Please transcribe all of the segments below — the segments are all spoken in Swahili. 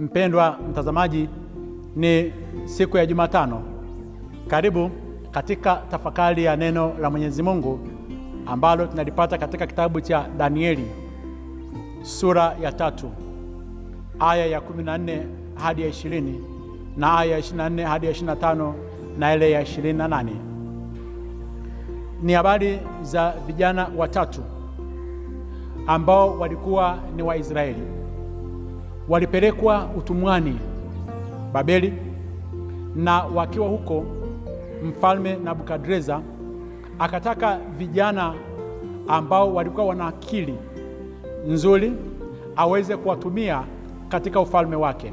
Mpendwa mtazamaji, ni siku ya Jumatano. Karibu katika tafakari ya neno la Mwenyezi Mungu ambalo tunalipata katika kitabu cha Danieli sura ya tatu aya ya 14 hadi ya 20 na aya ya 24 hadi ya 25 na ile ya 28. Ni habari za vijana watatu ambao walikuwa ni Waisraeli walipelekwa utumwani Babeli, na wakiwa huko mfalme Nabukadreza akataka vijana ambao walikuwa wana akili nzuri aweze kuwatumia katika ufalme wake.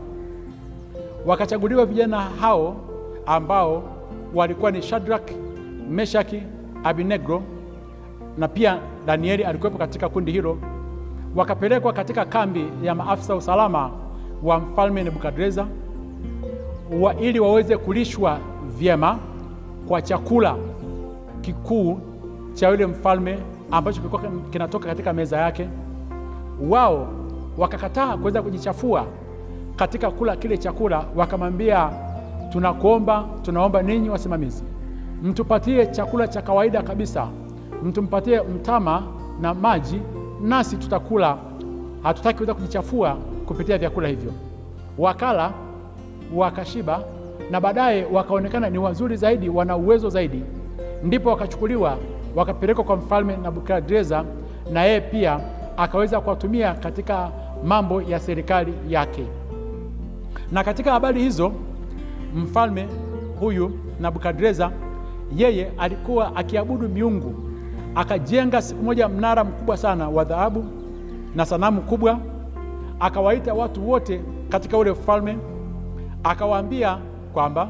Wakachaguliwa vijana hao ambao walikuwa ni Shadrach, Meshaki, abinegro na pia Danieli alikuwepo katika kundi hilo wakapelekwa katika kambi ya maafisa usalama wa mfalme Nebukadreza wa ili waweze kulishwa vyema kwa chakula kikuu cha yule mfalme ambacho kilikuwa kinatoka katika meza yake. Wao wakakataa kuweza kujichafua katika kula kile chakula, wakamwambia tunakuomba, tunaomba ninyi wasimamizi, mtupatie chakula cha kawaida kabisa, mtumpatie mtama na maji nasi tutakula, hatutaki kuweza kujichafua kupitia vyakula hivyo. Wakala wakashiba, na baadaye wakaonekana ni wazuri zaidi, wana uwezo zaidi, ndipo wakachukuliwa wakapelekwa kwa mfalme Nabukadreza, na yeye pia akaweza kuwatumia katika mambo ya serikali yake. Na katika habari hizo, mfalme huyu Nabukadreza yeye alikuwa akiabudu miungu Akajenga siku moja mnara mkubwa sana wa dhahabu na sanamu kubwa, akawaita watu wote katika ule ufalme, akawaambia kwamba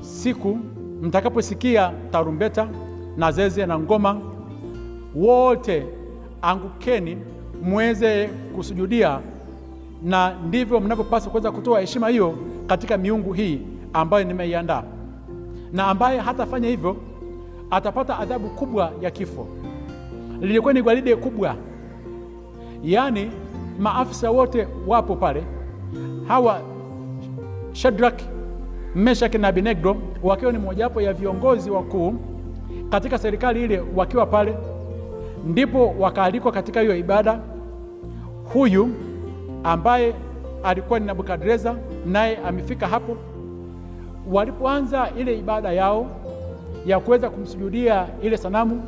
siku mtakaposikia tarumbeta na zeze na ngoma, wote angukeni mweze kusujudia, na ndivyo mnavyopaswa kuweza kutoa heshima hiyo katika miungu hii ambayo nimeiandaa, na ambaye hatafanya hivyo atapata adhabu kubwa ya kifo. Lilikuwa ni gwaride kubwa, yaani maafisa wote wapo pale, hawa Shadrak, Meshaki na Abednego wakiwa ni mojawapo ya viongozi wakuu katika serikali ile, wakiwa pale ndipo wakaalikwa katika hiyo ibada. Huyu ambaye alikuwa ni nabukadreza naye amefika hapo. Walipoanza ile ibada yao ya kuweza kumsujudia ile sanamu.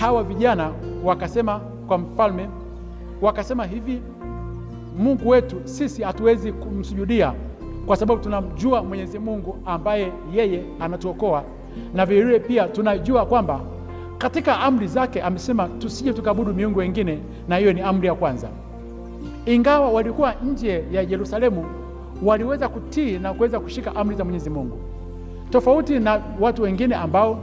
Hawa vijana wakasema kwa mfalme, wakasema hivi, Mungu wetu sisi hatuwezi kumsujudia kwa sababu tunamjua Mwenyezi Mungu ambaye yeye anatuokoa, na vilevile pia tunajua kwamba katika amri zake amesema tusije tukabudu miungu wengine, na hiyo ni amri ya kwanza. Ingawa walikuwa nje ya Yerusalemu, waliweza kutii na kuweza kushika amri za Mwenyezi Mungu tofauti na watu wengine ambao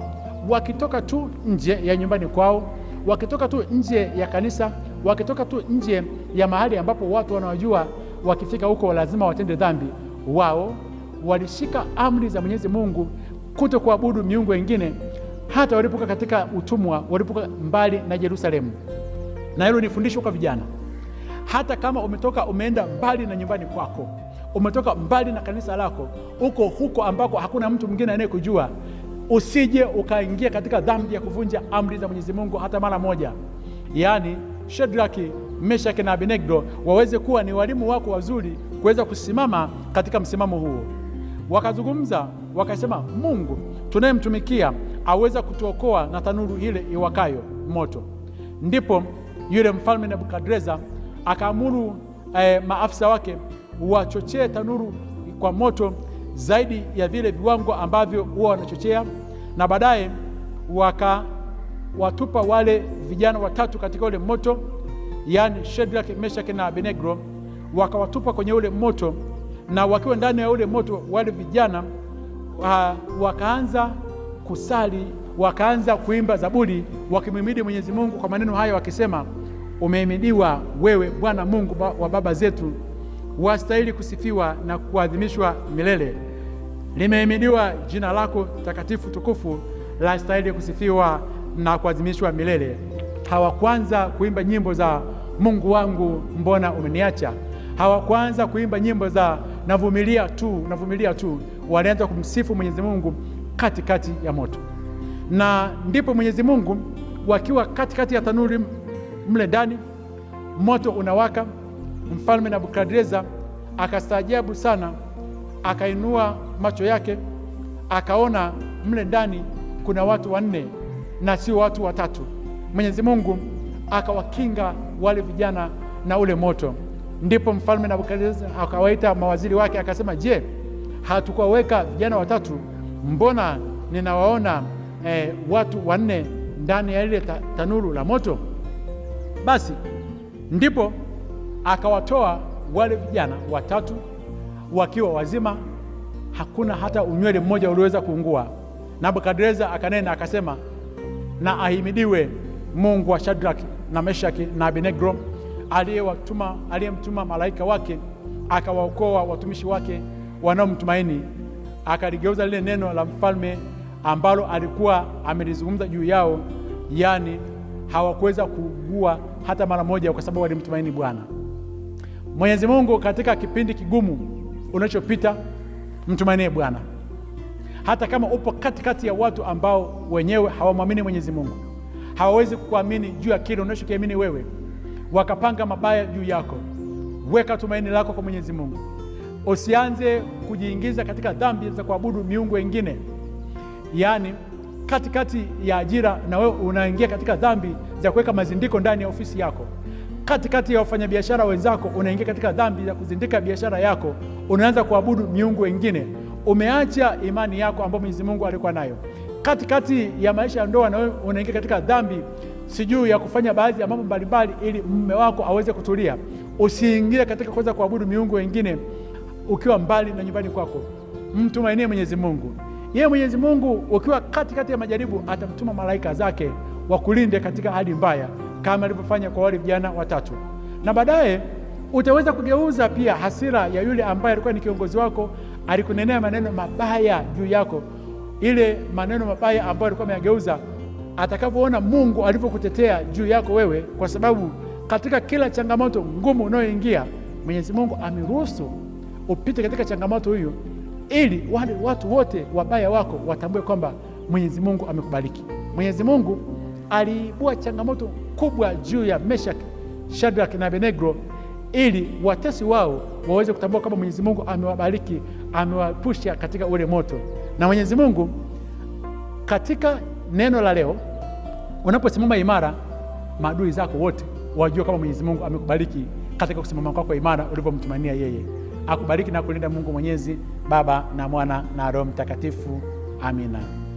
wakitoka tu nje ya nyumbani kwao, wakitoka tu nje ya kanisa, wakitoka tu nje ya mahali ambapo watu wanawajua, wakifika huko lazima watende dhambi. Wao walishika amri za Mwenyezi Mungu kuto kuabudu miungu wengine, hata walipoka katika utumwa, walipoka mbali na Yerusalemu. Na hilo ni fundisho kwa vijana, hata kama umetoka umeenda mbali na nyumbani kwako umetoka mbali na kanisa lako, uko huko ambako hakuna mtu mwingine anayekujua, usije ukaingia katika dhambi ya kuvunja amri za Mwenyezi Mungu hata mara moja. Yaani Shedraki, Meshaki na Abednego waweze kuwa ni walimu wako wazuri kuweza kusimama katika msimamo huo. Wakazungumza wakasema, Mungu tunayemtumikia aweza kutuokoa na tanuru ile iwakayo moto. Ndipo yule mfalme Nebukadreza akaamuru eh, maafisa wake wachochee tanuru kwa moto zaidi ya vile viwango ambavyo huwa wanachochea, na baadaye wakawatupa wale vijana watatu katika ule moto, yaani Shadrach, meshak na Abednego, wakawatupa kwenye ule moto, na wakiwa ndani ya ule moto wale vijana uh, wakaanza kusali, wakaanza kuimba zaburi wakimhimidi Mwenyezi Mungu kwa maneno haya wakisema, umehimidiwa wewe Bwana Mungu wa baba zetu wastahili kusifiwa na kuadhimishwa milele. Limehimidiwa jina lako takatifu tukufu, lastahili kusifiwa na kuadhimishwa milele. Hawakwanza kuimba nyimbo za Mungu wangu mbona umeniacha, hawakwanza kuimba nyimbo za navumilia tu, navumilia tu. Walianza kumsifu Mwenyezi Mungu katikati ya moto, na ndipo Mwenyezi Mungu wakiwa katikati ya tanuri mle ndani, moto unawaka Mfalme Nebukadreza akastaajabu sana, akainua macho yake akaona mle ndani kuna watu wanne na sio watu watatu. Mwenyezi Mungu akawakinga wale vijana na ule moto. Ndipo mfalme Nebukadreza akawaita mawaziri wake akasema, je, hatukuwaweka vijana watatu? Mbona ninawaona eh, watu wanne ndani ya ile tanuru la moto? Basi ndipo akawatoa wale vijana watatu wakiwa wazima, hakuna hata unywele mmoja ulioweza kuungua. Nabukadreza akanena akasema, na ahimidiwe Mungu wa Shadraki na Meshaki na Abednego, aliyewatuma aliyemtuma malaika wake akawaokoa watumishi wake wanaomtumaini. Akaligeuza lile neno la mfalme ambalo alikuwa amelizungumza juu yao, yaani hawakuweza kuugua hata mara moja, kwa sababu walimtumaini Bwana. Mwenyezi Mungu katika kipindi kigumu unachopita, mtumainie Bwana hata kama upo katikati kati ya watu ambao wenyewe hawamwamini Mwenyezi Mungu, hawawezi kukuamini juu ya kile unachokiamini wewe, wakapanga mabaya juu yako. Weka tumaini lako kwa Mwenyezi Mungu, usianze kujiingiza katika dhambi za kuabudu miungu wengine. Yaani katikati ya ajira, na wewe unaingia katika dhambi za kuweka mazindiko ndani ya ofisi yako katikati ya wafanyabiashara wenzako, unaingia katika dhambi ya kuzindika biashara yako, unaanza kuabudu miungu wengine, umeacha imani yako ambayo Mwenyezi Mungu alikuwa nayo. Katikati ya maisha ya ndoa, na wewe unaingia katika dhambi sijui ya kufanya baadhi ya mambo mbalimbali ili mume wako aweze kutulia. Usiingie katika kuweza kuabudu miungu wengine ukiwa mbali na nyumbani kwako. Mtumainie Mwenyezi Mungu. Yeye Mwenyezi Mungu, ukiwa katikati ya majaribu, atamtuma malaika zake wakulinde katika hali mbaya kama alivyofanya kwa wale vijana watatu, na baadaye utaweza kugeuza pia hasira ya yule ambaye alikuwa ni kiongozi wako, alikunenea maneno mabaya juu yako, ile maneno mabaya ambayo alikuwa ameyageuza, atakapoona Mungu alivyokutetea juu yako wewe, kwa sababu katika kila changamoto ngumu unayoingia Mwenyezi Mungu ameruhusu upite katika changamoto hiyo, ili wale watu wote wabaya wako watambue kwamba Mwenyezi Mungu amekubariki. Mwenyezi Mungu aliibua changamoto kubwa juu ya Meshaki, Shadrach na Abednego ili watesi wao waweze kutambua kama Mwenyezi Mungu amewabariki, amewapusha katika ule moto. Na Mwenyezi Mungu katika neno la leo, unaposimama imara, maadui zako wote wajua kama Mwenyezi Mungu amekubariki katika kusimama kwako kwa imara ulivyomtumania yeye. Akubariki na kulinda Mungu Mwenyezi, Baba na Mwana na Roho Mtakatifu. Amina.